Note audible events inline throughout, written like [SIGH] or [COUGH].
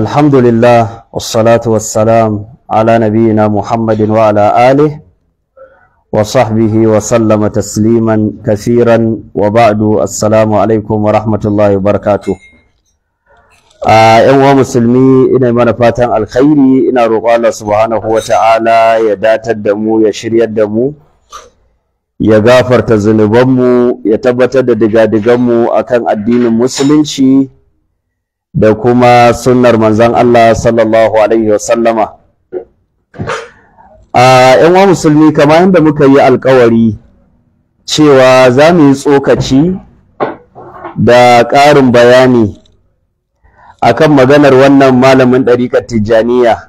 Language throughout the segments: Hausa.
الحمد لله والصلاة والسلام على نبينا محمد وعلى آله وصحبه وسلم تسليما كثيرا وبعد السلام عليكم ورحمة الله وبركاته ‘yan uwa musulmi ina mana fatan alkhairi ina roƙon Allah subhanahu wa ta'ala ya datar da mu ya shiryar da mu ya gafarta zunubanmu ya tabbatar da digadiganmu akan addinin musulunci da kuma sunnar manzan Allah sallallahu alaihi wasallama a yan wa musulmi kamar yadda muka yi alkawari cewa za mu yi tsokaci da ƙarin bayani akan maganar wannan malamin ɗariƙar tijjaniya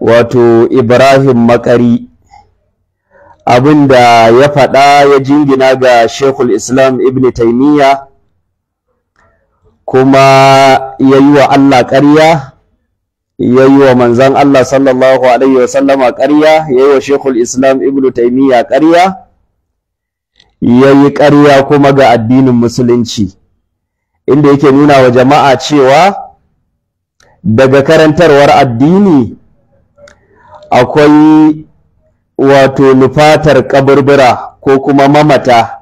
wato ibrahim makari abin da ya faɗa ya jingina ga shekul islam ibn taimiyya kuma ya yi wa allah ƙarya ya yi wa manzan allah sallallahu alaihi wasallama ƙarya ya yi wa shekul islam ibn taimiyya ƙarya ya yi ƙarya kuma ga addinin musulunci inda yake nuna wa jama'a cewa daga karantarwar addini akwai wato nufatar kaburbura ko kuma mamata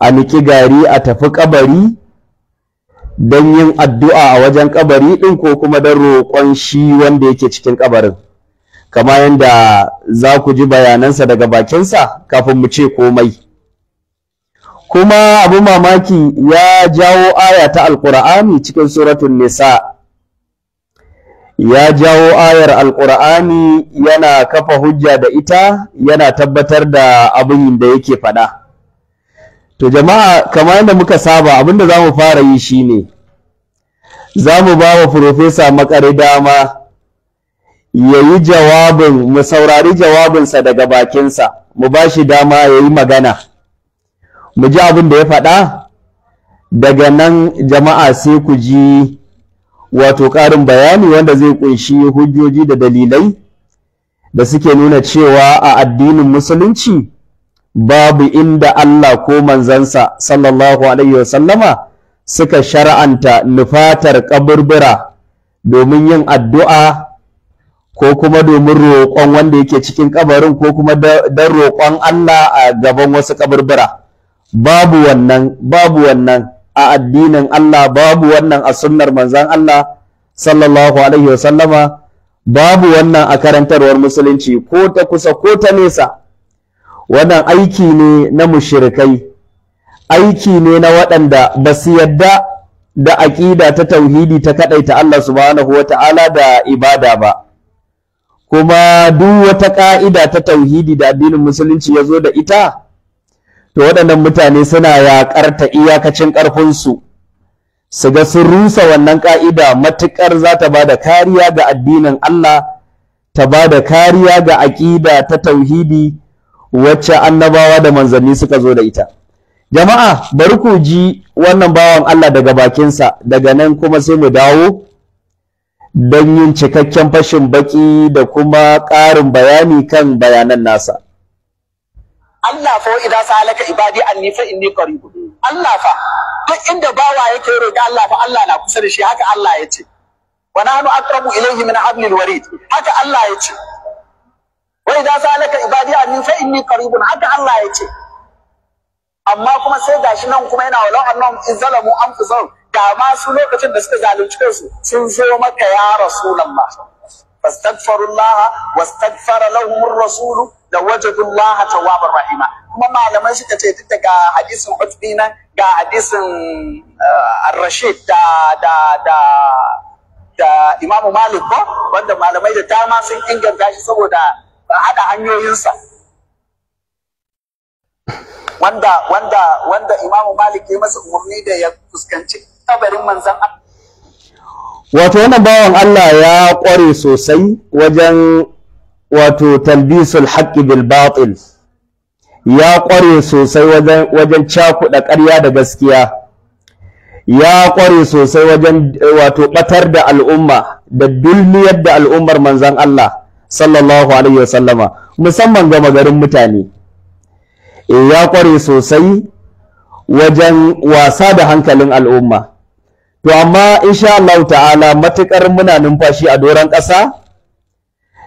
a niki gari a tafi kabari don yin addu'a a wajen kabari ɗin ko kuma don roƙon shi wanda yake cikin kabarin kama yadda za ku ji bayanansa daga bakinsa kafin mu ce komai kuma abu mamaki ya jawo aya ta alkur'ani cikin suratun nisa ya jawo ayar alƙur'ani yana kafa hujja da ita yana tabbatar da abin da yake faɗa to jama'a kamar yadda muka saba abinda za mu fara yi shine za mu ba wa furofesa makare dama ya yi jawabin mu saurari jawabinsa daga bakinsa mu ba shi dama ya yi magana mu ji abin da ya faɗa daga nan jama'a sai ku ji wato ƙarin bayani wanda zai ƙunshi hujjoji da dalilai da suke nuna cewa a addinin musulunci babu inda Allah ko manzansa sallallahu alaihi wasallama suka shar'anta nufatar kaburbura domin yin addu'a ko kuma domin roƙon wanda yake cikin ƙabarin, ko kuma don roƙon Allah a gaban wasu kaburbura babu wannan babu wannan a addinin Allah babu wannan a sunnar manzan Allah sallallahu alaihi wasallama babu wannan a karantarwar musulunci ko ta kusa ko ta nesa wannan aiki ne na mushirikai aiki ne na waɗanda ba su yadda da aƙida ta tauhidi ta kaɗaita Allah subhanahu wa ta'ala da ibada ba kuma duk wata ƙa'ida ta tauhidi da addinin musulunci ya zo da ita to waɗannan mutane suna yaƙar ta iyakacin ƙarfinsu su ga sun rusa wannan ƙa'ida matuƙar za ta ba da kariya ga addinin Allah ta ba da kariya ga aƙida ta tauhidi wacce annabawa da manzanni suka zo da ita jama'a bari ku ji wannan bawan Allah daga bakinsa daga nan kuma sai mu dawo don yin cikakken fashin baƙi da kuma ƙarin bayani kan bayanan nasa Allah fa idan salaka ibadi anni fa inni qarib Allah fa duk inda bawa yake roƙi Allah fa Allah na kusa da shi haka Allah ya ce wa nahnu aqrabu ilayhi min hablil warid haka Allah ya ce wa idan salaka ibadi anni fa inni qarib haka Allah ya ce amma kuma sai gashi nan kuma yana walau annahum izzalamu anfusahum da ma su lokacin da suka zalunci kansu sun zo maka ya rasulullah fastaghfirullah wastaghfara lahum ar Da lawajadullaha tawwabar rahima kuma malaman suka ce duk daga hadisin Utbi nan ga hadisin eh, Rashid da da da da Imam Malik ko wanda malamai da dama sun inganta shi saboda hada hanyoyinsa wanda wanda wanda Imam Malik ya masa umarni da ya fuskanci kabarin manzon Wato wannan bawan Allah ya ƙware sosai wajen wato talbisul haƙƙi bil batil ya ƙware sosai wajen cakuɗa ƙarya da gaskiya ya ƙware sosai wajen eh, wato ɓatar da al'umma da dulmiyar da al'ummar manzan Allah sallallahu alaihi wasallama musamman gama garin mutane eh, ya ƙware sosai wajen wasa da hankalin al'umma to amma insha Allah ta'ala matuƙar muna numfashi a doron ƙasa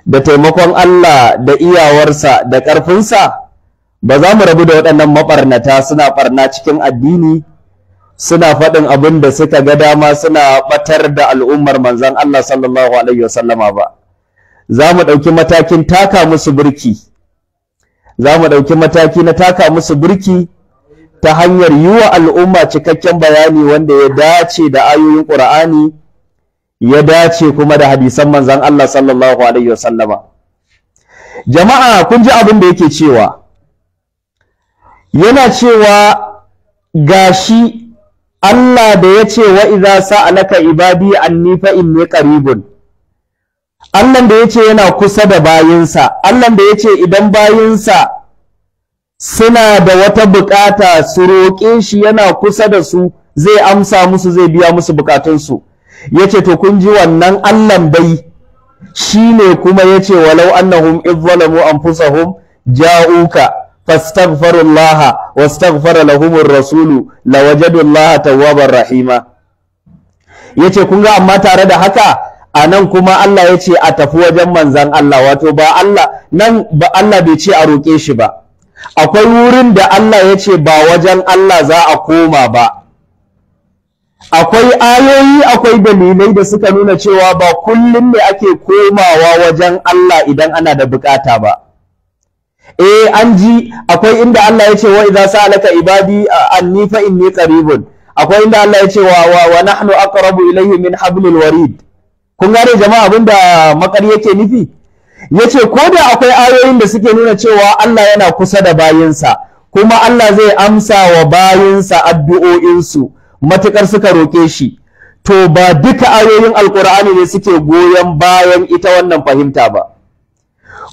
da taimakon Allah da iyawarsa da ƙarfinsa ba za mu rabu da waɗannan maɓarnata suna ɓarna cikin addini suna faɗin abin da suka ga dama suna ɓatar da al'ummar manzan Allah sallallahu alaihi wasallama ba za mu ɗauki matakin taka musu birki za mu ɗauki mataki na taka musu birki ta hanyar yi wa al'umma cikakken bayani wanda ya dace da ayoyin ƙur'ani ya dace kuma da hadisan manzan Allah sallallahu alaihi wasallama jama'a kun ji abin da yake cewa yana cewa gashi Allah da ya ce wa idza sa'alaka ibadi anni fa inni qaribun Allah da ya ce yana kusa da bayinsa Allah da ya ce idan bayinsa suna da wata bukata su roƙe shi yana kusa da su zai amsa musu zai biya musu bukatunsu Ya ce to kun ji wannan bai dai ne kuma ya yace walau annahum idh zalamu anfusahum ja'uka fastaghfirullaha wastaghfara lahumur rasulu lawajadullaha tawwabar rahima yace kun ga amma tare da haka a nan kuma Allah ya ce a tafi wajen manzan Allah wato ba Allah nan ba Allah bai ce a roƙe shi ba akwai wurin da Allah ya ce ba wajen Allah za a koma ba akwai ayoyi akwai dalilai da suka nuna cewa ba kullum ne ake komawa wajen Allah idan ana da bukata ba eh an ji akwai inda Allah ya ce wa idza sa'alaka ibadi anni fa inni qaribun akwai inda Allah ya ce wa wa nahnu aqrabu ilayhi min hablil warid kun gane jama'a abinda makar yake nufi yace ko da akwai ayoyin da suke nuna cewa Allah yana kusa da bayinsa kuma Allah zai amsa wa bayinsa addu'o'insu matukar suka roƙe shi to ba duka ayoyin alkur'ani ne suke goyon bayan ita wannan fahimta ba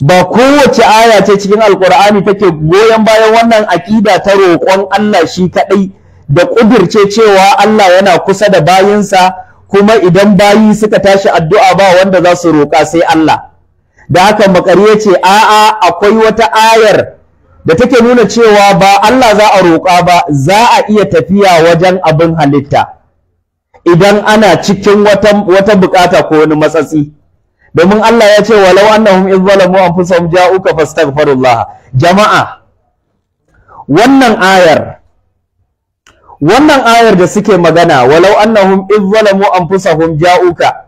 ba kowace aya ce cikin alkur'ani take goyon bayan wannan aƙida ta roƙon Allah shi kaɗai da ƙudirce cewa Allah yana kusa da bayinsa kuma idan bayi suka tashi addu'a ba wanda za su roƙa sai Allah da haka makariya ce a'a akwai wata ayar da take nuna cewa ba Allah za a roƙa ba za a iya tafiya wajen abin halitta idan ana cikin wata wata bukata ko wani matsatsi domin Allah ya ce walau annahum idh zalamu anfusahum ja'uka fastaghfirullah jama'a wannan ayar wannan ayar da suke magana walau annahum idh zalamu anfusahum ja'uka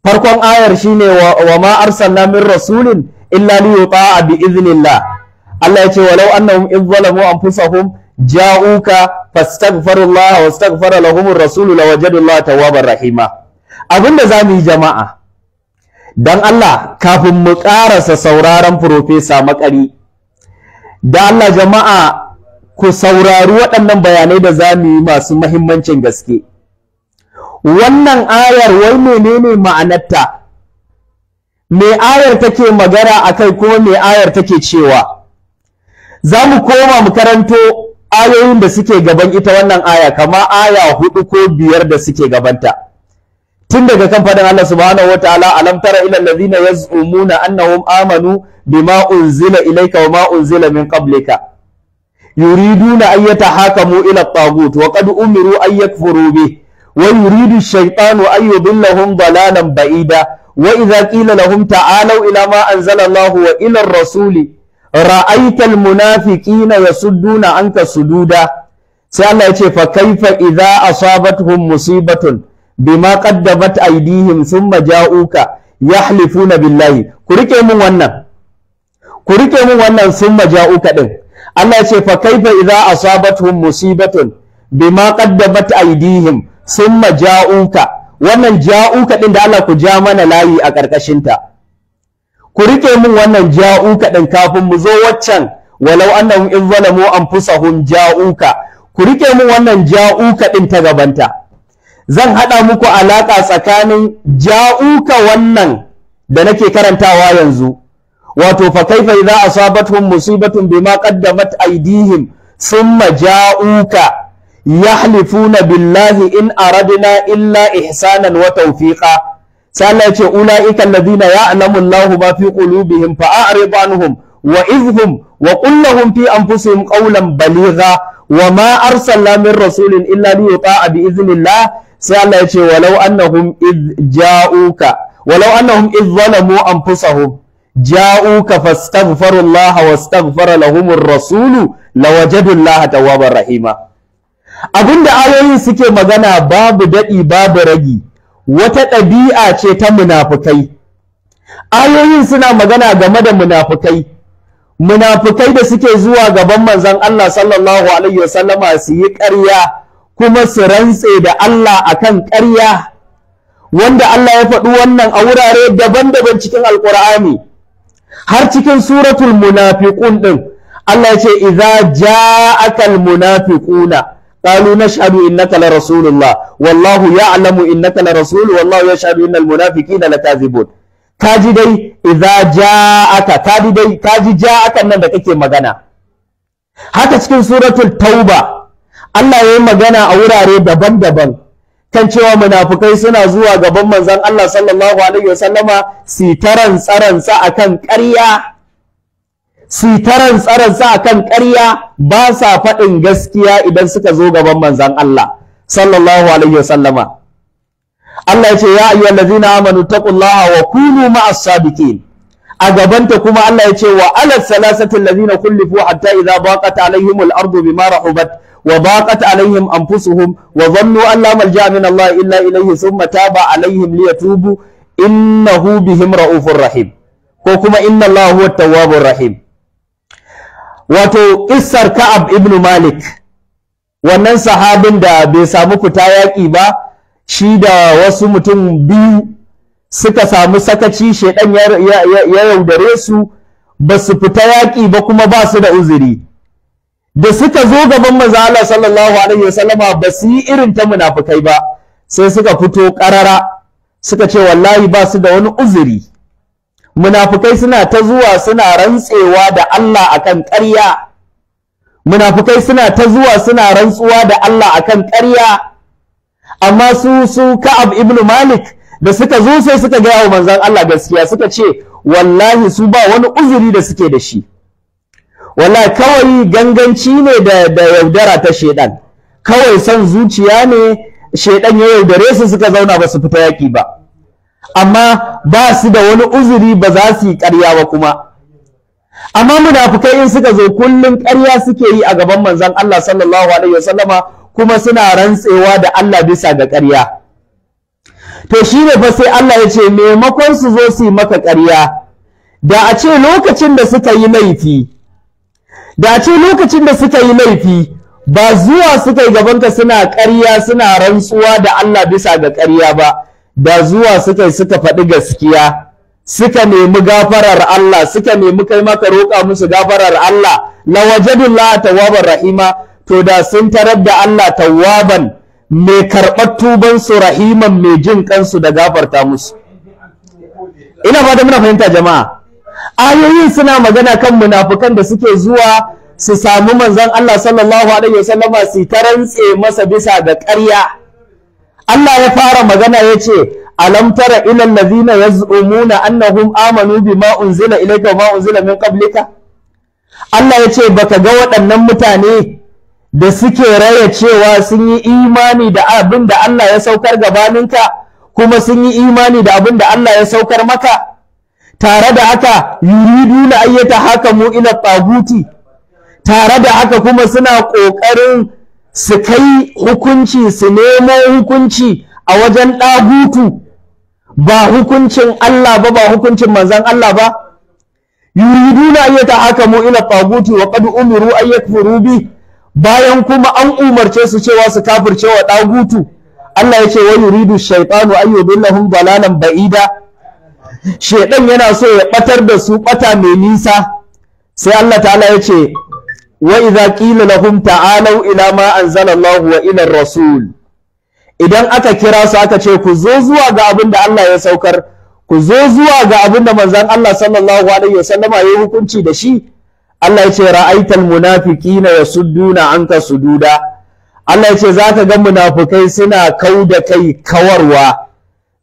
farkon ayar shine wa, wa ma arsalna min rasulin illa liyuta'a bi iznillah Allah ya ce walau annahum idh zalamu anfusahum ja'uka fastaghfirullaha wastaghfara lahumur rasul lawajadullaha tawwabar rahima abinda zamu yi jama'a dan Allah kafin mu karasa sauraron profesa makari da Allah jama'a ku saurari waɗannan bayanai da zamu yi masu muhimmancin gaske wannan ayar wai menene ma'anarta me ayar take magana akai kuma me ayar take cewa za mu koma mu karanto ayoyin da suke gaban ita wannan aya kama aya hudu ko biyar da suke gabanta tun daga kan fadin Allah subhanahu ta'ala alam tara ila allazina yaz'umuna annahum amanu bima unzila ilayka wa ma unzila min qablika yuriduna an yatahakamu ila at-taghut wa qad umiru an yakfuru bi wa yuridu ash-shaytanu an yudillahum dalalan ba'ida wa idha qila lahum ta'alu ila ma anzala Allahu wa ila ar-rasuli ra'aital munafiqina yasudduna anka sududa sai Allah ya ce fa kaifa idza asabatuhum musibatun bima qaddamat aydihim thumma ja'uka yahlifuna billahi ku rike mun wannan ku rike mun wannan thumma ja'uka din Allah ya ce fa kaifa idza asabatuhum musibatun bima qaddamat aydihim thumma ja'uka wannan ja'uka din da Allah ku ja mana layi a karkashin ta ku riƙe min wannan ja'uka ɗin kafin mu zo waccan walau annahum in zalamu anfusahum ja'uka ku riƙe min wannan ja'uka ɗin ta gabanta zan haɗa muku alaƙa tsakanin ja'uka wannan da nake karantawa yanzu wato fa kaifa idza asabatuhum musibatun bima qaddamat aydihim thumma ja'uka yahlifuna billahi in aradna illa ihsanan wa tawfiqa sai Allah ya ce ulaika alladhina ya'lamu lahu ma fi qulubihim fa a'rid anhum wa izhum wa qul an fi anfusihim qawlan baligha wa ma arsalna min rasulin illa liyuta'a bi idhnillah sai Allah ya ce walau annahum id ja'uka walau annahum id zalamu anfusahum ja'uka fastaghfiru Allah wastaghfara lahum ar-rasulu lawajadu Allah tawwabar rahima abinda ayoyin suke magana babu daɗi, babu ragi wata ɗabi'a ce ta munafukai ayoyin suna magana game da munafukai munafukai da suke zuwa gaban manzon Allah sallallahu alaihi wasallama su yi ƙarya kuma su rantse da Allah akan ƙarya wanda Allah ya faɗi wannan a wurare daban-daban cikin alƙur'ani har cikin suratul munafiqun ɗin, Allah ya ce idza ja'akal munafiquna qalu nashhadu innaka la rasulullah wallahu ya ya'lamu innaka la rasul wallahu yashhadu innal munafiqina lakazibun kaji dai idza ja'aka kaji dai kaji ja'aka nan da kake magana haka cikin suratul tauba Allah ya yi magana a wurare daban-daban kan cewa munafukai suna zuwa gaban manzon Allah sallallahu alaihi wasallama su taran tsaransa akan ƙarya taran akan ƙarya ba sa faɗin gaskiya idan suka zo gaban manzon Allah sallallahu alaihi wasallama Allah ya ce ya ayyuhal ladzina amanu taqullaha wa kunu ma'as sabiqin a gabanta kuma Allah ya ce wa ala salasati allazina kullifu hatta idza baqat alaihim al-ardu bima rahubat wa baqat alaihim anfusuhum wa dhannu an la malja'a min Allah illa ilayhi thumma taba alaihim liyatubu innahu bihim raufur rahim ko kuma inna Allah huwa tawwabur rahim wato kissar Ka'ab ibn Malik wannan sahabin da bai samu fita yaƙi ba shi da wasu mutum biyu suka samu sakaci shaidan ya yaudare su ba su fita yaƙi ba kuma ba su da uzuri da suka zo gaban maza Allah sallallahu alaihi wasallama ba su yi irin ta munafukai ba sai suka fito ƙarara suka ce wallahi ba su da wani uzuri munafukai suna ta zuwa suna rantsewa da Allah akan ƙarya munafukai suna ta zuwa suna rantsuwa da Allah akan ƙarya amma su su Ka'ab ibn Malik da suka zo sai suka ga yawo manzon Allah gaskiya suka ce wallahi su ba wani uzuri da suke da shi wallahi kawai ganganci ne da da yaudara ta shedan kawai son zuciya ne shedan ya yaudare su suka zauna ba su fita yaki ba amma ba su da wani uzuri ba za su yi ƙarya ba kuma amma munafukai in suka zo kullum ƙarya suke yi a gaban manzon Allah sallallahu alaihi wasallama kuma suna rantsewa da Allah bisa ga ƙarya to shine fa sai Allah ya ce maimakon su zo su yi maka ƙarya da a ce lokacin da suka yi laifi da a ce lokacin da suka yi laifi ba zuwa suka yi gabanka suna ƙarya suna rantsuwa da Allah bisa ga ƙarya ba da zuwa suka yi suka faɗi gaskiya suka nemi gafarar Allah suka nemi kai maka roƙa musu gafarar Allah la wajadullah tawwabar rahima to da sun tarar da Allah tawwaban mai karɓar tuban su rahiman mai jin kansu da gafarta musu ina fata muna fahimta jama'a Ayoyi suna magana kan munafukan da suke zuwa su samu manzon Allah sallallahu alaihi wasallama su tarantse masa bisa da ƙarya Allah ya fara magana ya ce alam tara ila allazina yaz'umuna annahum amanu bima unzila ilayka wa ma unzila min qablika Allah ya ce baka ga waɗannan mutane da suke raya cewa sun yi imani da abin Allah ya saukar gabaninka kuma sun yi imani da abinda Allah ya saukar maka tare da haka yuriduna ayyata haka mu ila taguti tare da haka kuma suna ƙoƙarin su kai hukunci su nemo hukunci a wajen ɗagutu ba hukuncin Allah ba ba hukuncin manzon Allah ba yuriduna ayyata yatahakamu ila taguti wa qad umiru an yakfuru bi bayan kuma an umarce su cewa su kafirce wa dagutu Allah ya ce wa yuridu shaytanu an yudillahum dalalan ba'ida shedan yana so ya batar da su bata mai nisa sai Allah ta'ala ya ce wa idza qila lahum ta'alu ila ma anzala Allah wa ila rasul idan aka kira su aka ce ku zo zuwa ga abin da Allah ya saukar ku zo zuwa ga abin da manzon Allah sallallahu alaihi wasallama ya hukunci da shi Allah ya ce ra'aital munafiqina yasudduna anka sududa Allah ya ce zaka ga munafikai suna kau da kai kawarwa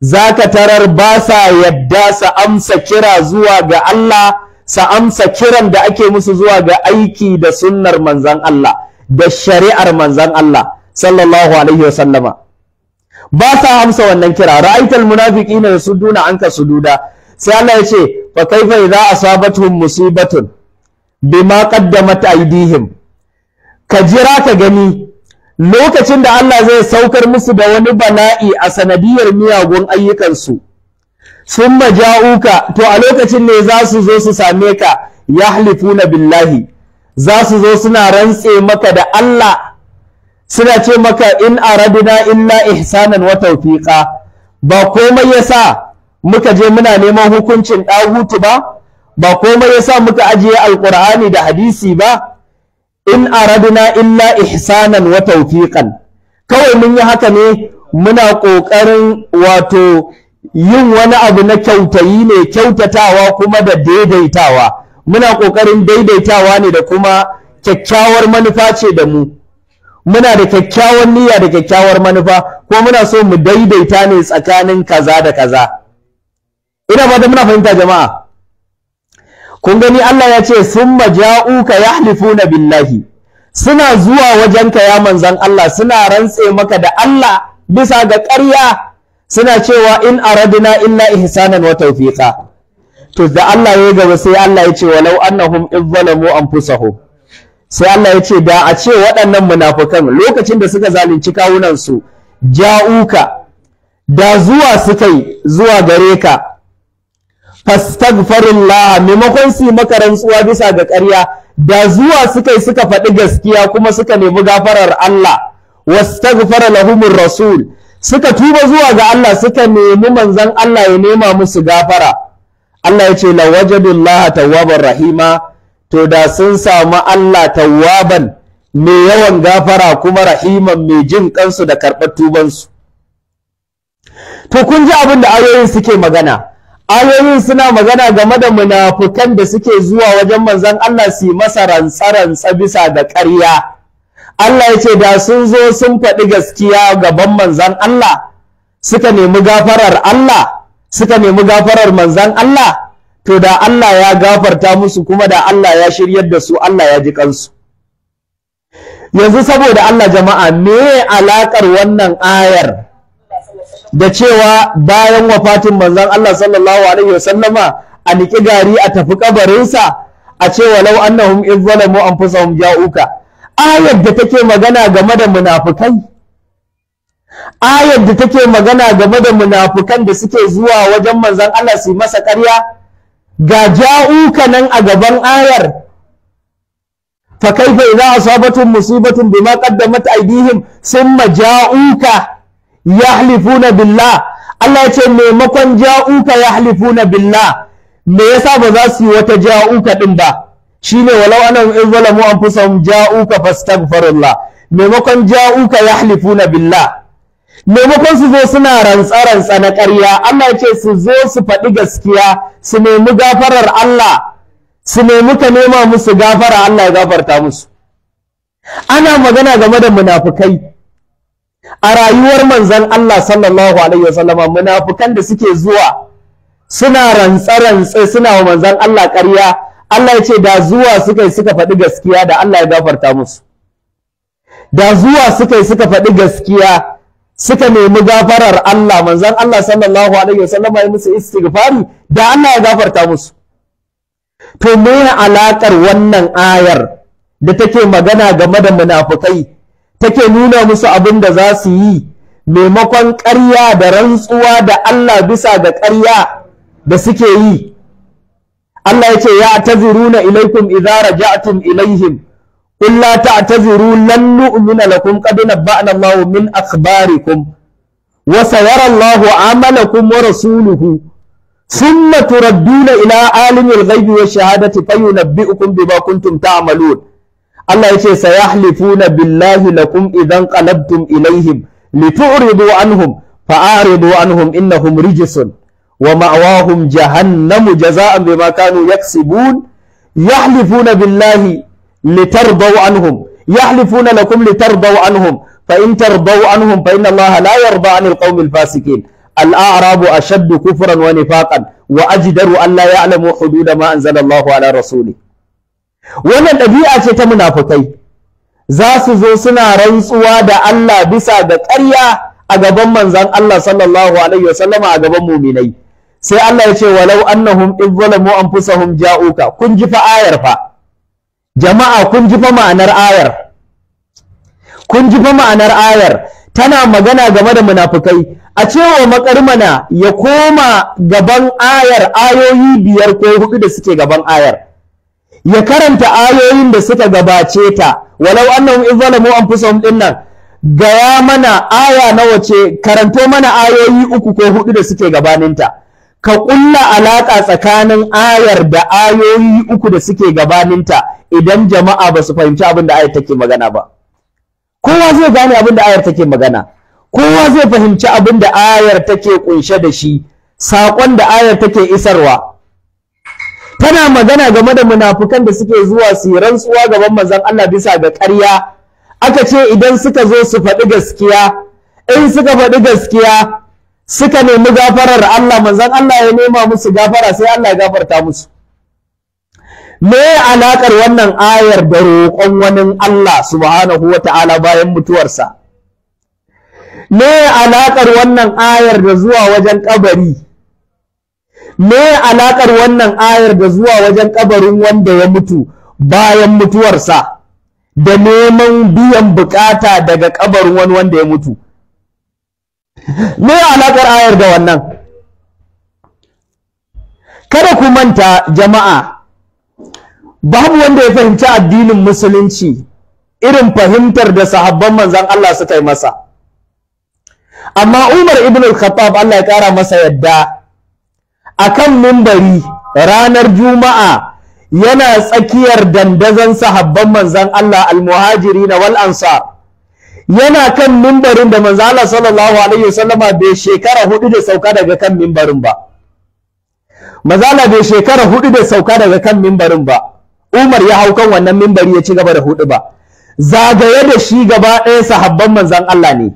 zaka tarar ba sa yadda sa amsa kira zuwa ga Allah sa amsa kiran da ake musu zuwa ga aiki da sunnar manzon Allah da shari'ar manzon Allah sallallahu alaihi wasallama ba sa amsa wannan kira ra'aital munafiqina yasudduna anka sududa sai Allah ya ce fa kaifa idza asabatuhum musibatun bima qaddamat aydihim ka jira ka gani lokacin da Allah zai saukar musu da wani bala'i a sanadiyar miyagun ayyukansu sun maja'uka to a lokacin ne za su zo su same ka yahlifuna billahi za su zo suna rantse maka da Allah suna ce maka in aradina illa ihsanan wa tawfiqa ba komai yasa muka je muna neman hukuncin ɗahutu ba ba komai yasa muka ajiye alqur'ani da hadisi ba in aradina illa ihsanan wa tawfiqan kawai mun yi haka ne muna ƙoƙarin wato yin wani abu na kyautayi ne kyautatawa kuma da daidaitawa muna ƙoƙarin daidaitawa ne da kuma kyakkyawar manufa ce da mu muna da kyakkyawar niyya da kyakkyawar manufa ko muna so mu daidaita ne tsakanin kaza da kaza ina fata muna fahimta jama'a kun gani Allah ya ce summa ja'uka yahlifuna billahi suna zuwa wajenka ya manzan Allah suna rantse maka da Allah bisa ga ƙarya suna cewa in aradna illa ihsanan wa tawfiqa to da Allah ya gaba sai Allah ya ce walau annahum idh zalamu anfusahum sai Allah ya ce da a ce waɗannan munafukan lokacin da suka zalunci kawunansu ja'uka da zuwa suka yi zuwa gare ka fastaghfirullah maimakon su maka rantsuwa bisa ga ƙarya da zuwa suka yi suka faɗi gaskiya kuma suka nemi gafarar Allah wastaghfara lahumur rasul suka tuba zuwa ga Allah suka nemi manzon Allah ya nema musu gafara Allah ya ce lawajadullah tawwabar rahima to da sun samu Allah tawwaban mai yawan gafara kuma rahiman mai jin kansu da karɓar tubansu to kun ji abin da ayoyin suke magana ayoyin suna magana game da munafukan da suke zuwa wajen manzan Allah su yi masa rantsa-rantsa bisa da ƙarya Allah ya ce da sun zo sun faɗi gaskiya gaban manzan Allah suka nemi gafarar Allah suka nemi gafarar manzan Allah to da Allah ya gafarta musu kuma da Allah ya shiryar da su Allah ya ji kansu yanzu saboda Allah jama'a me alaƙar wannan ayar da cewa bayan wafatin manzon Allah sallallahu alaihi wasallama a niki gari a tafi kabarinsa a ce walau annahum idh zalamu anfusahum ja'uka ayar da take magana game da munafukai ayar da take magana game da munafukan da suke zuwa wajen manzon Allah su yi masa ƙarya ga ja'uka nan a gaban ayar fa kaifa idza asabatun musibatun bima qaddamat aydihim summa ja'uka yahlifuna billah Allah ya ce maimakon ja'uka yahlifuna billah me yasa ba za su yi wata ja'uka din ba shine walau anam in zalamu anfusahum ja'uka fastaghfirullah maimakon ja'uka yahlifuna billah maimakon su zo suna rantsa-rantsa na ƙarya Allah ya ce su zo su faɗi gaskiya su nemi gafarar Allah su nemi ka nema musu gafara Allah ya gafarta musu ana magana game da munafukai a rayuwar manzon Allah sallallahu alaihi wasallama munafukan da suke zuwa suna rantsa-rantsa suna wa manzon Allah ƙarya Allah ya ce da zuwa suka suka faɗi gaskiya da Allah ya gafarta musu da zuwa suka suka faɗi gaskiya suka nemi gafarar Allah manzan Allah sallallahu alaihi wasallam ya musu istighfari da Allah ya gafarta musu to me alaƙar wannan ayar da take magana game da munafukai take nuna musu abin da za su yi maimakon ƙarya da rantsuwa da Allah bisa ga ƙarya da suke yi Allah ya ce ya taziruna ilaikum idza raja'tum ilaihim illa ta'taziru lan nu'mina lakum qad nabba'ana Allah min akhbarikum wa sayara Allah 'amalakum wa rasuluhu thumma turadduna ila alimil ghaibi wash shahadati fayunabbi'ukum bima kuntum ta'malun Allah yace sayahlifuna billahi lakum idan qalabtum ilaihim litu'ridu anhum fa'aridu anhum innahum rijsun wa ma'wahum jahannamu jazaa'an bima kanu yaksibun yahlifuna billahi litarbau anhum yahlifuna lakum litarbau anhum fa in tarbau anhum fa inna Allah la yarda anil qaumil fasikin الأعراب أشد كفرا ونفاقا وأجدر أن لا يعلموا حدود ما أنزل الله على رسوله wannan dabi'a ce ta munafukai za su zo suna rantsuwa da Allah bisa ga ƙarya a gaban manzon Allah sallallahu alaihi wasallama a gaban muminai sai Allah ya ce walau annahum idh zalamu anfusahum ja'uka kun ji fa ayar fa jama'a kun ji fa ma'anar ayar kun ji fa ma'anar ayar tana magana game da munafukai a cewa makarmana ya koma gaban ayar ayoyi biyar ko hudu da suke gaban ayar ya karanta ayoyin da suka gabace ta walau annahum izalamu anfusahum dinnan gaya mana aya nawa ce karanto mana ayoyi uku ko hudu da suke gabaninta ka ƙulla alaƙa tsakanin ayar da ayoyi uku da suke gabaninta idan jama'a ba su fahimci abin da ayar take magana ba kowa zai gane abin da ayar take magana kowa zai fahimci abin da ayar take ƙunshe da shi saƙon da ayar take isarwa tana magana game da munafukan da suke zuwa su yi rantsuwa gaban manzon Allah bisa ga ƙarya aka ce idan suka zo su faɗi gaskiya in suka faɗi gaskiya suka nemi gafarar Allah manzon Allah ya nema musu gafara sai Allah ya gafarta musu me alaƙar wannan ayar da roƙon wani Allah subhanahu wata'ala bayan mutuwarsa me alaƙar wannan ayar da zuwa wajen kabari me alaƙar wannan ayar da zuwa wajen kabarin wanda ya mutu bayan mutuwarsa da neman biyan bukata daga kabarin wani wanda ya mutu me alaƙar ayar da wannan kada ku manta jama'a babu wanda ya fahimci addinin musulunci irin fahimtar da sahabban manzan Allah suka yi masa amma Umar ibn al-Khattab Allah ya ƙara masa yadda a kan mimbari ranar juma'a yana tsakiyar dandazon sahabban manzan Allah al na wal ansar yana kan mimbarin da manzo Allah sallallahu alaihi wasallama bai shekara hudu da sauka daga kan mimbarin ba manzo bai shekara hudu da sauka daga kan mimbarin ba Umar ya hau kan wannan mimbari ya ci gaba da hudu ba zagaye da shi gaba ɗaya sahabban manzan Allah ne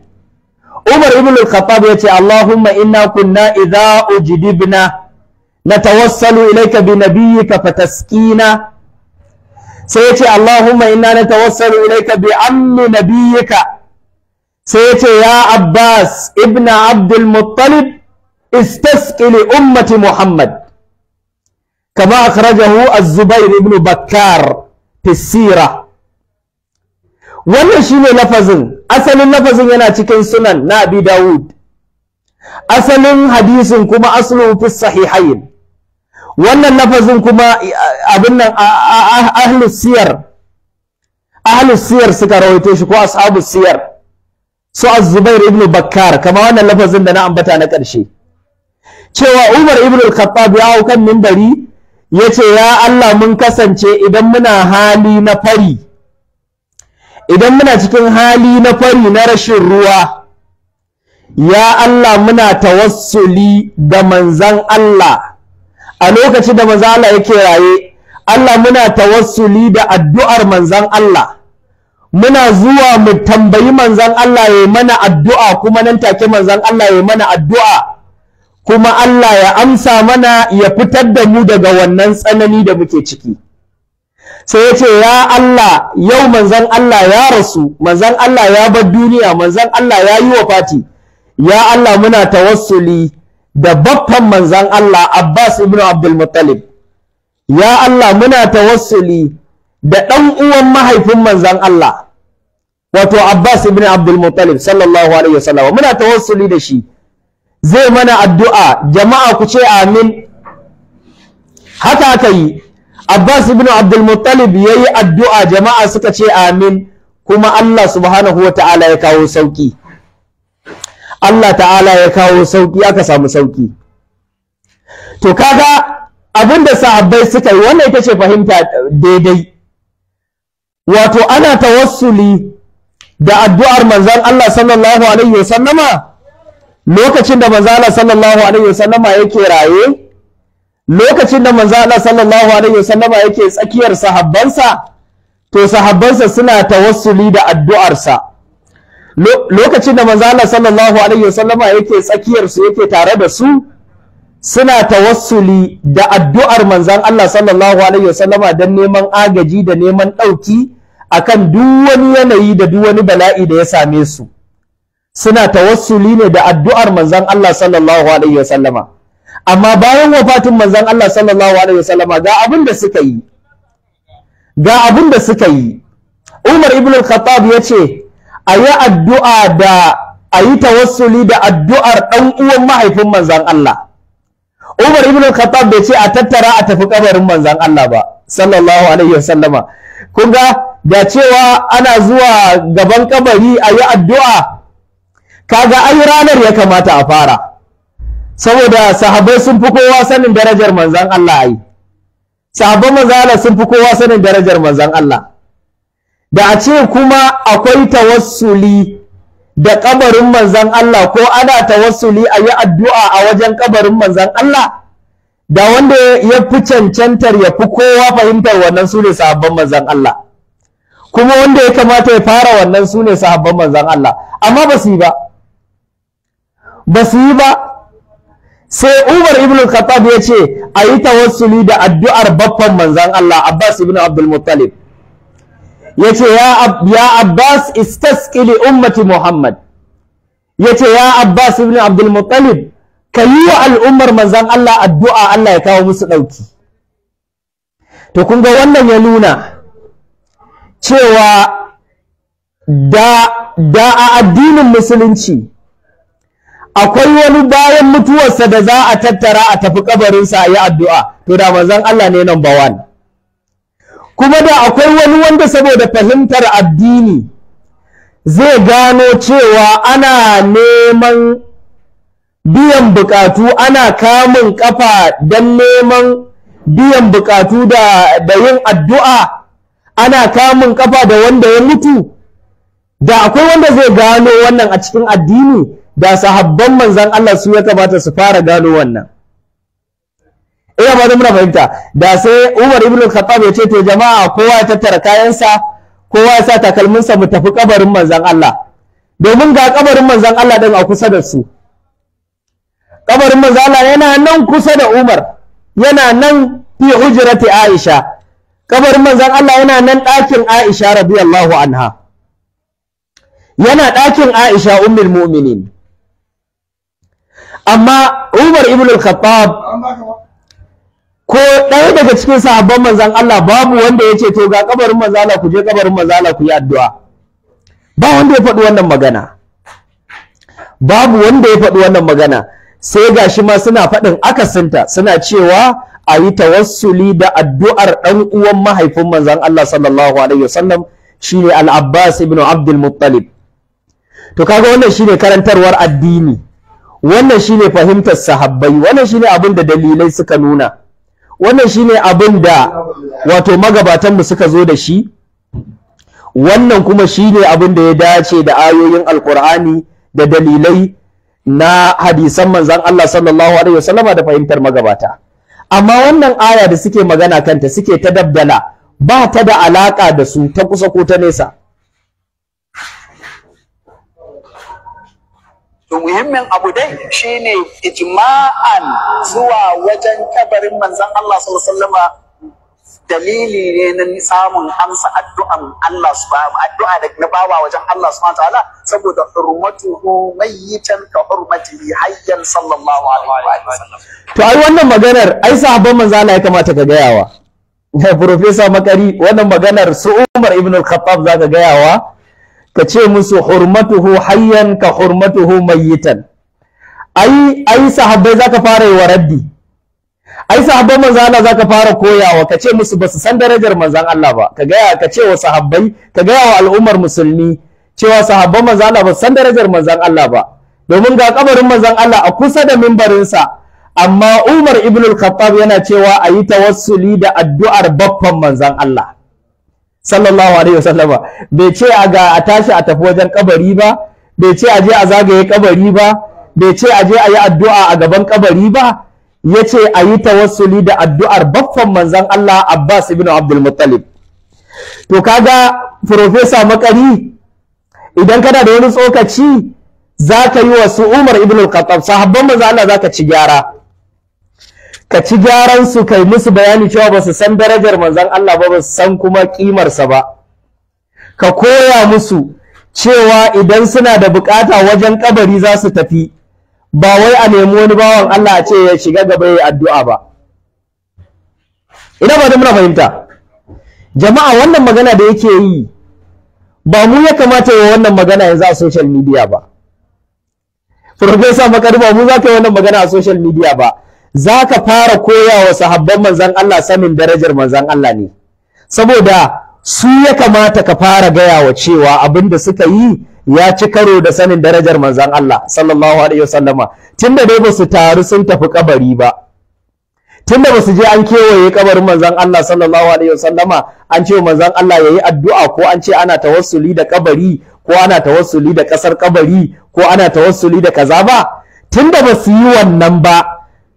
Umar ibn al-Khattab ya ce Allahumma inna kunna idza ujidibna natawassalu ilayka bi nabiyyika fataskina sai ya ce Allahumma inna natawassalu ilayka bi ammi nabiyyika sai ya ce ya abbas ibn abdul muttalib istasqili ummati muhammad kama akhrajahu az-zubair ibn bakkar fisira sirah wannan shine lafazin asalin lafazin yana cikin sunan na abi dawud asalin hadisin kuma aslu fi sahihayn wannan lafazin kuma eh, abin nan ahlus siyar ahlus siyar suka rawaito shi ko ashabus siyar su az-zubair ibn bakkar kama wannan lafazin da na ambata na ƙarshe cewa umar ibn al-khattab ya hau kan mimbari ya ce ya Allah mun kasance idan muna hali na fari idan muna cikin hali na fari na rashin ruwa ya Allah muna tawassuli da manzan Allah a lokacin da manzan Allah yake raye Allah muna tawassuli da addu'ar manzan Allah muna zuwa mu tambayi manzan Allah ya mana addu'a kuma nan take manzan Allah ya mana addu'a kuma Allah ya amsa mana ya fitar da mu daga wannan tsanani da muke ciki sai ya ce ya Allah yau manzan Allah ya rasu manzan Allah ya bar duniya manzan Allah ya yi fati, ya Allah muna tawassuli da babban manzan Allah Abbas ibn Abdul ya Allah muna tawassuli da ɗan uwan mahaifin manzan Allah wato Abbas ibn Abdul Muttalib sallallahu alaihi wasallam muna tawassuli da shi zai mana addu'a jama'a ku ce amin haka aka yi Abbas ibn Abdul Muttalib yayi addu'a jama'a suka ce amin kuma Allah subhanahu wa ta'ala ya kawo sauki Allah ta'ala ya kawo sauki aka samu sauki to kaga abinda sahabbai suka yi wannan ita ce fahimta daidai wato ana tawassuli da addu'ar manzan Allah sallallahu alaihi wasallama lokacin da manzan Allah sallallahu alaihi wasallama yake raye lokacin da manzan Allah sallallahu alaihi wasallama yake tsakiyar sahabbansa to sahabbansa suna tawassuli da addu'arsa lokacin da manzan Allah sallallahu alaihi wasallama yake tsakiyar su yake tare da su suna tawassuli da addu'ar manzan Allah sallallahu alaihi wasallama don neman agaji da neman ɗauki akan duk wani yanayi da duk wani bala'i da ya same su suna tawassuli ne da addu'ar manzon Allah sallallahu alaihi wasallama amma bayan wafatin manzon Allah sallallahu alaihi wasallama ga abin da suka yi ga abin da suka yi Umar ibn al-Khattab yace ayi addu'a da ayi tawassuli da addu'ar dan uwan mahaifin manzon Allah Umar ibn al-Khattab bai ce a tattara a tafi kabarin manzon Allah ba sallallahu alaihi wasallama kun ga da cewa ana zuwa gaban kabari a yi addu'a kaga ayi ranar ya kamata a fara saboda sahabai sun fi kowa sanin darajar manzan Allah ai sahabban manzala sun fi kowa sanin darajar manzan Allah da a ce kuma akwai tawassuli da kabarin manzan Allah ko ana tawassuli a yi addu'a a wajen kabarin manzan Allah da wanda ya fi cancantar ya fi kowa fahimtar wannan su ne sahabban manzan Allah kuma wanda ya kamata ya fara wannan su ne sahabban manzan Allah amma ba su yi ba ba su yi ba sai Umar ibn al-Khattab ya ce a yi tawassuli da addu'ar baffan manzan Allah Abbas ibn Abdul Muttalib ya ce ya Abbas istaskili ummati Muhammad ya ce ya Abbas ibn Abdul Muttalib ka yi wa al'ummar manzan Allah addu'a Allah ya kawo musu ɗauki to kun wannan ya nuna cewa da a addinin musulunci akwai wani bayan mutuwarsa da za a tattara a tafi kabarinsa a yi addu'a to da mazan Allah ne number one kuma da akwai wani wanda saboda fahimtar addini zai gano cewa ana neman biyan bukatu ana kamun kafa don neman biyan bukatu da yin addu'a ana kamun kafa da wanda ya mutu da akwai wanda zai gano wannan a cikin addini da sahabban manzan Allah su ya kamata su fara gano wannan ina ba da muna fahimta da sai Umar ibn Khattab ya ce to jama'a kowa ya tattara kayansa kowa ya sa takalminsa mu tafi kabarin manzan Allah domin ga kabarin manzan Allah ɗin a kusa da su kabarin manzan Allah yana nan kusa da Umar yana nan fi hujrati Aisha kabarin manzan Allah yana nan ɗakin Aisha radiyallahu anha yana ɗakin Aisha ummul mu'minin amma Umar ibn al-Khattab ko ɗaya daga cikin sahabban manzan Allah babu wanda ya ce to ga kabarin manzan Allah ku je kabarin manzan Allah ku yi addu'a ba wanda ya faɗi wannan magana babu wanda ya faɗi wannan magana sai gashi ma suna faɗin akasinta suna cewa a yi tawassuli da addu'ar ɗan uwan mahaifin manzan Allah sallallahu alaihi wasallam shine al-Abbas ibn Abdul Muttalib to kaga wannan shine karantarwar addini wannan shine fahimtar sahabbai wannan shine abin da dalilai suka nuna wannan shine abin da wato magabatanmu suka zo da shi wannan kuma shine abin da ya dace da ayoyin alkur'ani da dalilai na hadisan manzan Allah sallallahu alaihi wasallama da fahimtar magabata amma wannan aya da suke magana kanta suke ta dabbala ba ta da alaka da su ta kusa ko ta nesa muhimmin abu dai shine ijma'an zuwa wajen kabarin manzon Allah sallallahu alaihi wasallama dalili ne na samun amsa addu'an Allah subhanahu addu'a da na bawa wajen Allah subhanahu ta'ala saboda hurmatuhu mayyitan ka hurmatihi hayyan sallallahu alaihi wa sallam to ai wannan maganar ai sahabban manzo Allah ya kamata ka gayawa Profesa Makari wannan maganar su Umar ibn al-Khattab zaka gayawa ka ce musu hurmatuhu hayyan ka hurmatuhu mayyitan ai ai sahabbai zaka fara yi wa ai sahabban manzon Allah zaka fara koyawa ka ce musu basu san darajar manzon Allah ba ka gaya ka ce wa sahabbai ka gaya wa al'ummar musulmi cewa sahabban manzon Allah basu san darajar manzon Allah ba domin ga kabarin manzon Allah a kusa da mimbarinsa amma Umar ibn al-Khattab yana cewa ayi tawassuli da addu'ar baffan manzon Allah sallallahu alaihi wasallam bai ce a ga a tashi a tafi wajen kabari ba bai ce a je a zagaye kabari ba bai ce a je a yi addu'a a gaban kabari ba yace yi tawassuli da addu'ar baffan manzon Allah Abbas ibn Abdul Muttalib to kaga professor makari idan kana da wani tsokaci zaka yi wasu Umar ibn al-Khattab sahabban manzon Allah zaka ci gyara ka ci gyaran su kai musu bayani cewa ba su san darajar manzon Allah ba ba su san kuma ƙimarsa ba ka koya musu cewa idan suna da bukata wajen kabari za su tafi ba wai a nemi wani bawan Allah a ce ya shiga gaba ya addu'a ba ina ba da muna fahimta jama'a wannan magana da yake yi ba mu ya kamata yi wannan magana yanzu a social media ba Profesa Makar ba mu za ka yi wannan magana a social media ba za ka fara koya wa sahabban manzan Allah sanin darajar manzan Allah ne saboda su ya kamata ka fara gaya wa cewa abin da suka yi ya ci karo da sanin darajar manzan Allah sallallahu alaihi wasallama tunda dai ba su taru sun tafi kabari ba tunda ba su je an kewaye kabarin manzan Allah sallallahu alaihi wasallama an ce manzan Allah yayi addu'a ko an ce ana tawassuli da kabari ko ana tawassuli da kasar kabari ko ana tawassuli da kaza ba tunda ba su yi wannan ba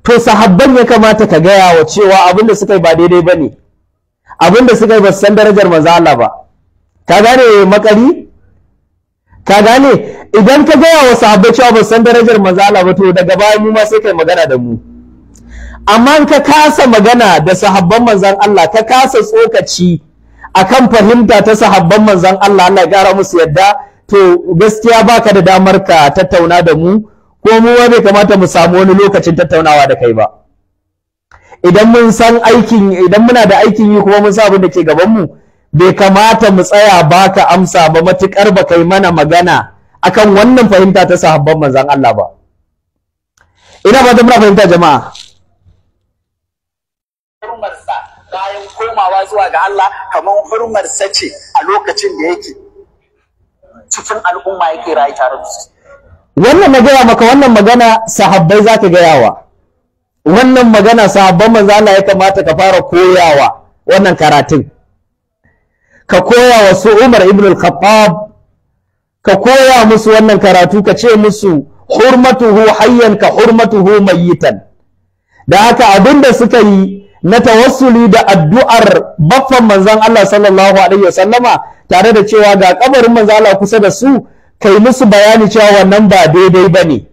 to sahabban ya kamata ka gaya wa cewa abin da suka yi ba daidai bane abin da suka yi ba san darajar manzan Allah ba ka gane makari ka gane idan ka gaya wa sahabbai cewa ba san darajar manzala ba to daga baya mu ma sai kai magana da mu amma ka kasa magana da sahabban manzan Allah ka kasa tsokaci akan fahimta ta sahabban manzan Allah Allah ya gara musu yadda to gaskiya baka da damar ka tattauna da mu ko mu bai kamata mu samu wani lokacin tattaunawa da kai ba idan mun san aikin idan muna da aikin yi kuma mun san abin da ke gaban mu bai kamata mu tsaya ba ka amsa ba matuƙar ba kai mana magana akan wannan fahimta ta sahabban manzon Allah ba ina ba muna fahimta jama'a bayan komawa zuwa ga Allah kamar hurmarsa ce a lokacin da yake cikin al'umma yake rayu tare da su wannan magana maka wannan magana sahabbai za ka gayawa wannan magana sahabban manzo Allah ya kamata ka fara koyawa wannan karatun ka koya wa su Umar ibn al-Khattab ka koya musu wannan karatu ka ce musu hurmatuhu hayyan ka hurmatuhu mayyitan da haka abinda suka yi na tawassuli da addu'ar baffan manzon Allah sallallahu alaihi wasallama tare da cewa ga kabarin manzon Allah kusa da su kai musu bayani cewa wannan ba daidai bane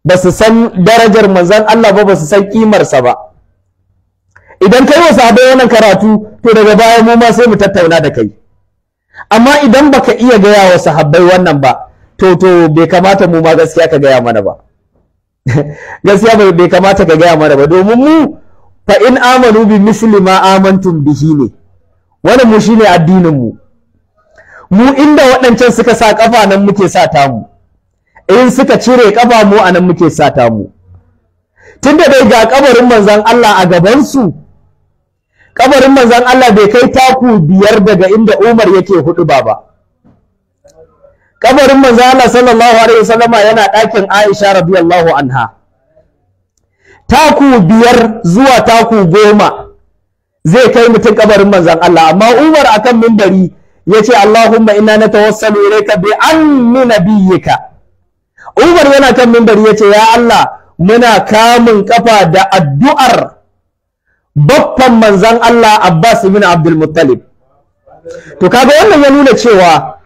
ba su san darajar manzon Allah ba ba su san kimarsa ba idan kai wasu abin wannan karatu to daga baya mu ma sai mu tattauna da kai amma idan baka iya gaya wa sahabbai wannan ba to to bai kamata mu ma gaskiya ka gaya mana ba [LAUGHS] gaskiya bai kamata ka gaya mana ba domin mu fa in amanu bi misli ma amantum bihi ne wannan mu shine addinin mu mu inda waɗancan suka sa kafa nan muke sa mu, in suka cire kafa mu anan muke sa mu. tunda dai ga kabarin manzon Allah a gaban su kabarin manzan Allah bai kai taku biyar daga inda Umar yake hudu ba ba kabarin manzan Allah sallallahu alaihi wasallama yana ɗakin Aisha radiyallahu anha taku biyar zuwa taku goma zai kai mutum kabarin manzan Allah amma Umar akan mimbari yace Allahumma inna natawassalu ilayka bi biyu nabiyyika Umar yana kan mimbari yace ya Allah muna kamun kafa da addu'ar baffan manzan Allah Abbas ibn Abdul Muttalib to kaga wannan ya nuna cewa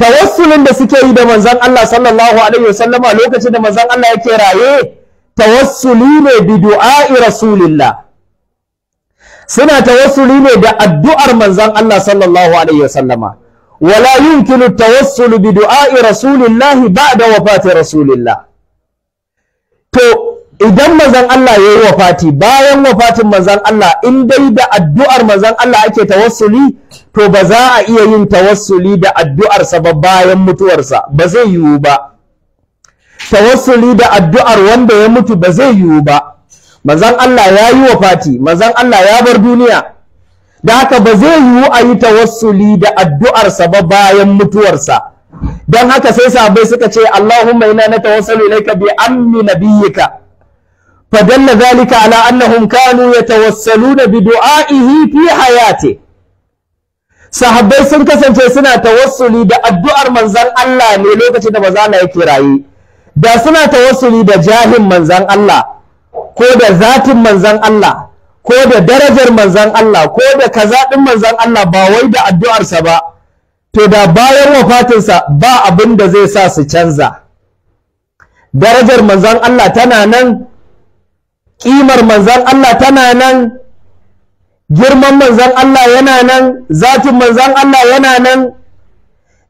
tawassulin da suke yi da manzan Allah sallallahu alaihi wasallam lokacin da manzan Allah yake raye tawassuli ne bi du'a'i rasulillah suna tawassuli ne da addu'ar manzan Allah sallallahu alaihi wasallama wala yumkinu tawassulu bi du'a'i rasulillah ba'da wafati rasulillah to idan mazan Allah ya yi wafati bayan wafatin mazan Allah in dai da addu'ar mazan Allah ake tawassuli to ba za a iya yin tawassuli da addu'arsa ba bayan mutuwarsa ba zai yiwu ba tawassuli da addu'ar wanda ya mutu ba zai yiwu ba Mazan Allah ya yi wafati mazan Allah ya bar duniya da haka ba zai yiwu a yi tawassuli da addu'arsa ba bayan mutuwarsa don haka sai sabai suka ce Allahumma ina na tawassuli laika bi biyu nabiyyika فدل ذلك على أنهم كانوا يتوسلون بدعائه في حياته sahabbai sun kasance suna tawassuli da addu'ar manzan Allah ne lokacin da maza na yake raye da suna tawassuli da jahin manzan Allah ko da zatin manzan Allah ko da darajar manzan Allah ko da kaza manzan Allah ba wai da addu'arsa ba to da bayan wafatinsa ba abin da zai sa su canza darajar manzan Allah tana nan ƙimar manzan Allah tana nan girman manzan Allah yana nan zatin manzan Allah yana nan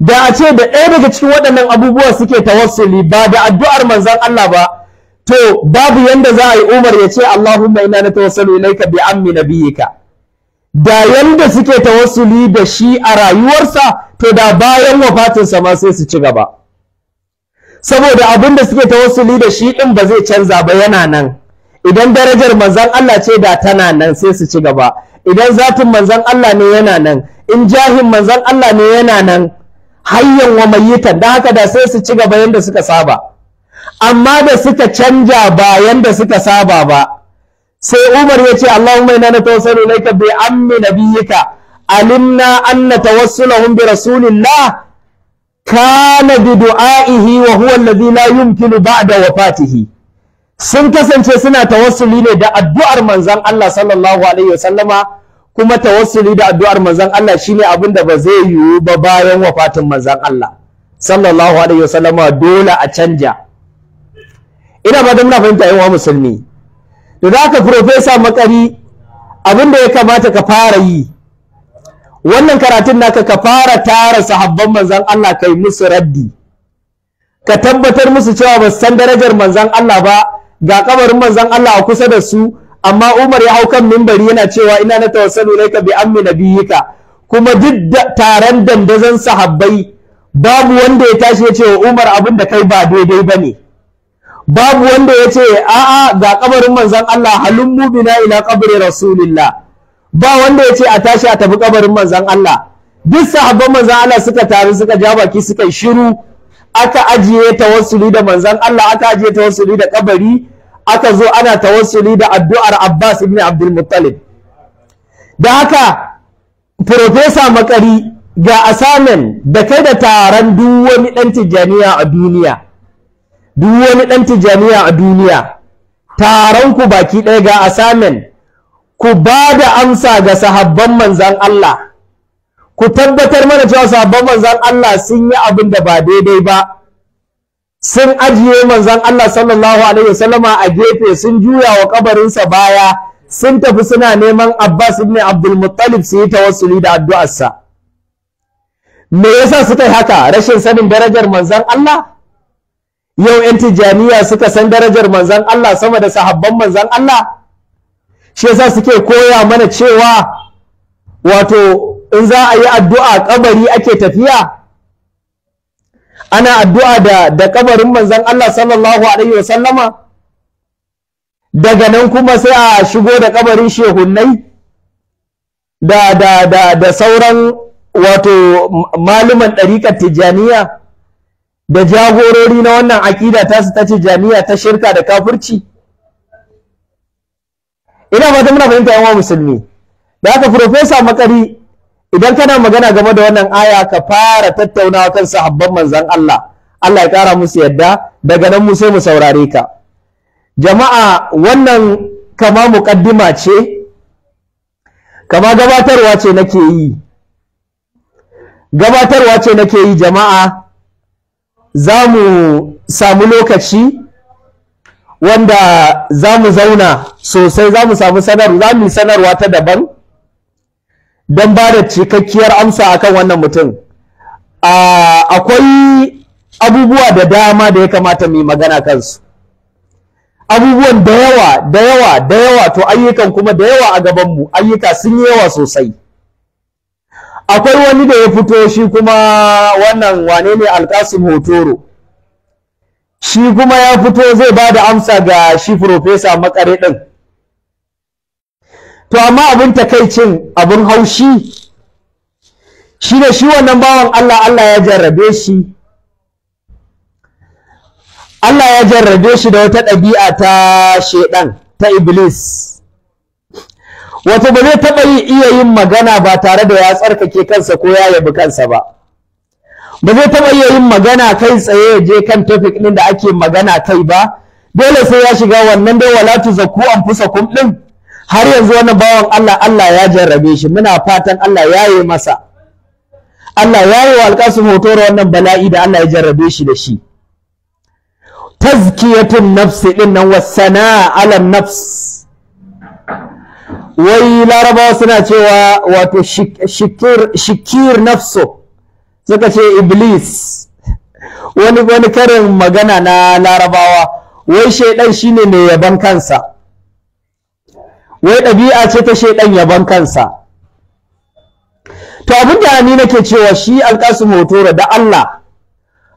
da a ce da ɗaya daga cikin waɗannan abubuwa suke tawassuli ba da addu'ar manzan Allah ba to babu yadda za a yi Umar ya ce Allahumma inna natawassalu ilayka bi ammi ka. da yanda suke tawassuli da shi a rayuwarsa to da bayan wafatinsa ma sai su ci gaba saboda abin da suke tawassuli da shi ɗin ba zai canza ba yana nan idan darajar manzan Allah ce da tana nan sai su ci gaba idan zatin manzan Allah ne yana nan in jahin manzan Allah ne yana nan hayyan wa mayyitan da haka da sai su ci gaba yanda suka saba amma da suka canja ba yadda suka saba ba sai Umar ya ce Allahumma inna natawassalu ilayka bi ammi nabiyyika alimna anna tawassulahum bi rasulillah kana bi du'aihi wa huwa alladhi la yumkinu ba'da wafatihi sun kasance suna tawassuli ne da addu'ar manzan Allah sallallahu alaihi wasallama kuma tawassuli da addu'ar manzan Allah shine abin da ba zai yiwu ba bayan wafatin manzan Allah sallallahu alaihi wasallama dole a canja ina ba da muna fahimta yan musulmi to da ka professor makari abin da ya kamata ka fara yi wannan karatun naka ka fara tara sahabban manzan Allah kai musu raddi ka tabbatar musu cewa ba san darajar manzan Allah ba ga kabarin manzon Allah a kusa da su amma Umar ya hau kan mimbari yana cewa ina na tawassalu laika bi ammi nabiyika kuma duk da taron dandazon sahabbai babu wanda ya tashi ya ce wa Umar abin da kai ba daidai ne. babu wanda ya ce a'a ga kabarin manzon Allah halummu bina ila qabri rasulillah ba wanda ya ce a tashi a tafi kabarin manzan Allah duk sahabban manzan Allah suka taru suka ja baki suka shiru aka ajiye tawassuli da manzan Allah aka ajiye tawassuli da kabari aka zo ana tawassuli da addu'ar Abbas ibn Abdul Muttalib da haka Profesa Makari ga asamen da kai da taron duk wani dan tijaniya a duniya duk wani dan tijaniya a duniya taron ku baki ɗaya ga assignment ku ba da amsa ga sahabban manzan Allah ku tabbatar mana cewa sabon manzan Allah sun yi abin da ba daidai ba sun ajiye manzan Allah sallallahu alaihi wasallama a gefe sun juya wa kabarinsa baya sun tafi suna neman Abbas ibn Abdul Muttalib su yi tawassuli da addu'arsa me yasa suka yi haka rashin sanin darajar manzan Allah yau 'yan tijjaniya suka san darajar manzan Allah sama da sahabban manzan Allah shi yasa suke koya mana cewa wato in za a yi addu'a ƙabari ake tafiya ana addu'a da da kabarin manzon Allah sallallahu alaihi wasallama daga nan kuma sai a shigo da ƙabarin shehunnai da da da sauran wato maluman ɗariƙar Tijaniya da jagorori na wannan aƙida tasu ta Tijaniya ta shirka da kafurci ina fata muna fahimta yawan musulmi da haka Profesa Makari idan kana magana game da wannan aya ka fara tattaunawa kan sahabban manzon Allah Allah ya kara musu yadda daga nan mu sai mu saurare ka jama'a wannan kama muƙaddima ce kama gabatarwa ce nake yi gabatarwa ce nake yi jama'a za mu samu lokaci wanda za mu zauna sosai za mu samu sanarwa ta daban don ba da cikakkiyar amsa akan wannan mutum akwai abubuwa da dama da ya kamata mu magana kansu abubuwan da yawa da yawa da yawa to ayyukan kuma da yawa a gabanmu ayyuka sun yi yawa sosai akwai wani da ya fito shi kuma wannan wane ne alkasim hotoro shi kuma ya fito zai ba da amsa ga shi Furofesa makare ɗin to amma abin takaicin abin haushi shi ne shi wannan bawan Allah Allah ya jarrabe shi Allah ya jarrabe shi da wata ɗabi'a ta shaidan ta iblis wato ba zai taɓa iya yin magana ba tare da ya tsarkake kansa ko ya yabi kansa ba ba zai taɓa iya yin magana kai tsaye ya je kan topic ɗin da ake magana kai ba dole sai ya shiga wannan dai wala tuzakku kum ɗin har yanzu wannan bawan Allah Allah ya jarrabe shi muna fatan Allah ya yi masa Allah ya yi wa alƙasun da wannan bala'i da Allah ya jarrabe shi da shi tazkiyatun nafsi din nan wasana ala nafs wai larabawa suna cewa wato shikir nafso suka ce iblis wani wani karin magana na larabawa wai shaidan shine mai yaban kansa wai ɗabi'a ce ta shaidan yaban kansa to abin da ni nake cewa shi alƙasu motora da Allah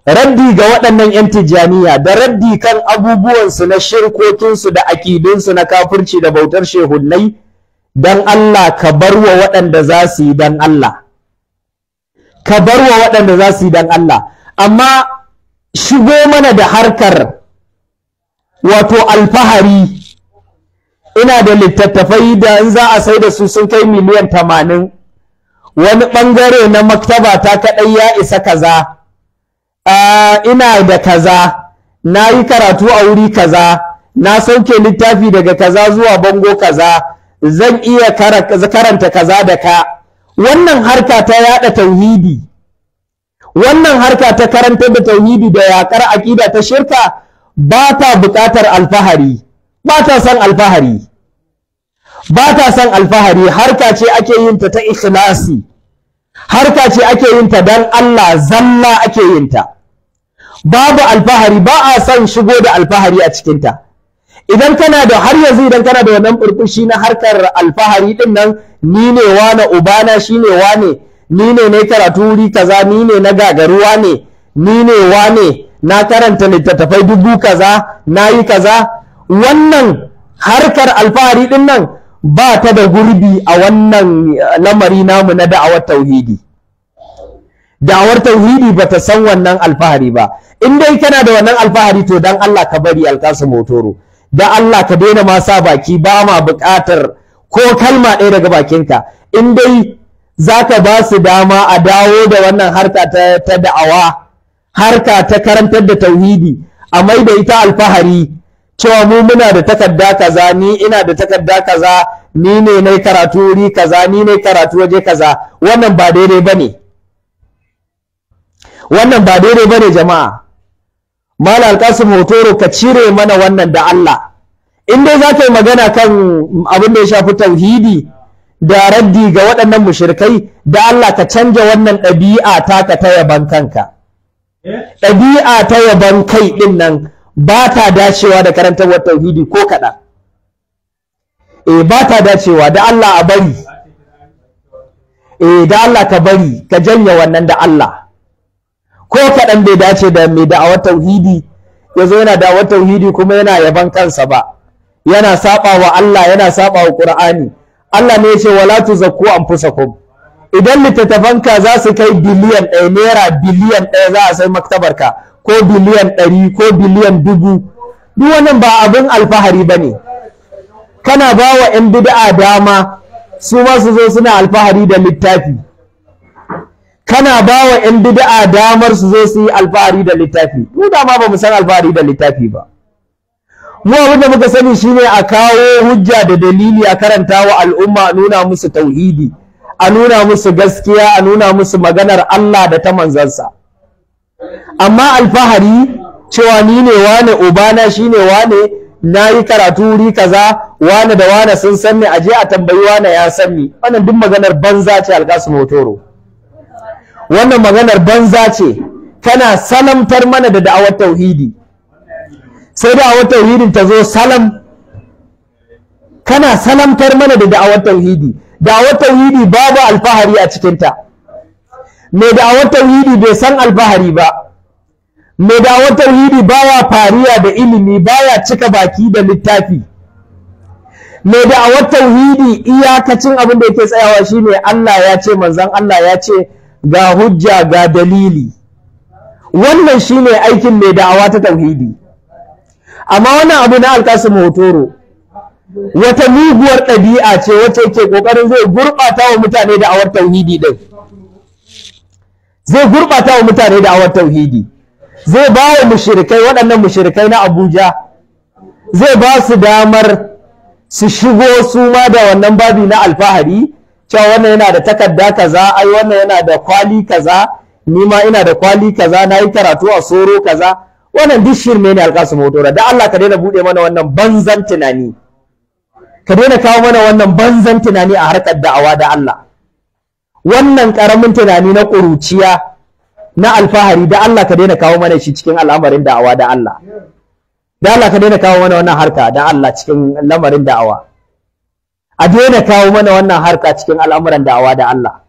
raddi ga waɗannan 'yan tijjaniya da raddi kan abubuwansu na shirkokinsu da aƙidunsu na kafirci da bautar shehunnai don Allah ka bar waɗanda za su yi don Allah ka bar wa waɗanda za su yi don Allah amma shigo mana da harkar wato alfahari ina da littattafai da in za a sai da su sun kai miliyan tamanin wani ɓangare na maktaba ta kaɗai ya isa kaza ina da kaza na yi karatu a wuri kaza na sauke littafi daga kaza zuwa bango kaza zan iya karanta kaza da ka wannan harka ta yaɗa tauhidi wannan harka ta karantar da tauhidi da yaƙar aƙida ta shirka ba ta buƙatar alfahari ba ta son alfahari ba ta alfahari harka ce ake yin ta ta ikhlasi harka ce ake yin ta dan Allah zalla ake yin ta babu alfahari ba a son shigo da alfahari a cikin ta idan kana da har yanzu idan kana da wannan burbushi na harkar alfahari din nan ni ne wane ubana shine wane ni ne na karatu wuri kaza ni ne na gagaruwa ne ni ne wane na karanta littattafai dubu kaza na yi kaza wannan harkar alfahari din nan ba ta da gurbi a wannan lamari namu na da'awar tauhidi da'awar tauhidi ba ta san wannan alfahari ba in dai kana da wannan alfahari to dan Allah ka bari alkasu motoro da Allah ka daina ma sa baki ba ma buƙatar ko kalma ɗaya daga bakinka in dai za ka ba su dama a dawo da wannan harka ta, da'awa harka ta karantar da tauhidi a mai da ita alfahari cewa mu muna da takarda kaza ni ina da takarda kaza ni ne karatu wuri kaza ni ne karatu waje kaza wannan ba daidai bane wannan ba daidai bane jama'a mala alkasim hotoro ka cire mana wannan da Allah in dai za yi magana kan abin da ya shafi tauhidi da raddi ga waɗannan mushrikai da Allah ka canja wannan ɗabi'a taka ta yaban kanka eh? ɗabi'a ta yaban kai ɗin nan ba ta dacewa da karantarwar tauhidi ko kaɗan eh ba ta dacewa da Allah a bari eh da Allah ka bari ka janya wannan da Allah ko kaɗan bai dace da mai da'awar tauhidi ya zo yana da'awar tauhidi kuma yana yaban kansa ba yana saba wa Allah yana saba wa Qur'ani Allah ne ya ce wala tuzakku anfusakum idan littattafanka za su kai biliyan ɗaya naira biliyan ɗaya za a sai maktabarka ko biliyan ɗari ko biliyan dubu duk wannan ba abin alfahari ba ne kana ba wa 'yan bid'a dama su ma su zo suna alfahari da littafi kana ba wa 'yan bid'a damar su zo su yi alfahari da littafi mu dama ba mu san alfahari da littafi ba mu abin da muka sani shine a kawo hujja da dalili a karanta wa al'umma a nuna musu tauhidi a nuna musu gaskiya a nuna musu maganar Allah da ta manzansa amma alfahari cewa ni ne wane ubana shi ne wane na yi karatu wuri kaza wane da wane sun san ni aje a tambayi wane ya san ni wannan duk maganar banza ce alƙasu motoro wannan maganar banza ce tana salamtar mana da da'awar tauhidi sai da'awar tauhidin ta zo salam kana salamtar mana da da'awar tauhidi da'awar tauhidi babu alfahari a cikinta mai da'awar tauhidi bai san alfahari ba mai da'awar tauhidi baya fariya da ilimi baya cika baki da littafi mai da'awar tauhidi iyakacin abin da yake tsayawa shine Allah ya ce manzon Allah ya ce ga hujja ga dalili wannan shine aikin mai da'awa ta tauhidi amma wannan abu na alkasim hotoro wata muguwar ɗabi'a ce wacce ke ƙoƙarin zai gurɓata wa mutane da'awar tauhidi ɗin zai gurɓata wa mutane da awar tauhidi zai ba wa waɗannan mushirikai na Abuja zai ba su damar su shigo su ma da wannan babi na alfahari cewa wannan yana da takarda kaza ai wannan yana da kwali kaza ni ma ina da kwali kaza na yi karatu a soro kaza wannan duk shirme ne alƙasu motora da Allah ka daina buɗe mana wannan banzan tunani ka daina kawo mana wannan banzan tunani a harkar da'awa da Allah wannan karamin tunani na ƙuruciya na alfahari da Allah ka daina kawo mana shi cikin al'amarin da'awa da Allah da Allah ka daina kawo mana wannan harka da Allah cikin lamarin da'awa a daina kawo mana wannan harka cikin al'amuran da'awa da Allah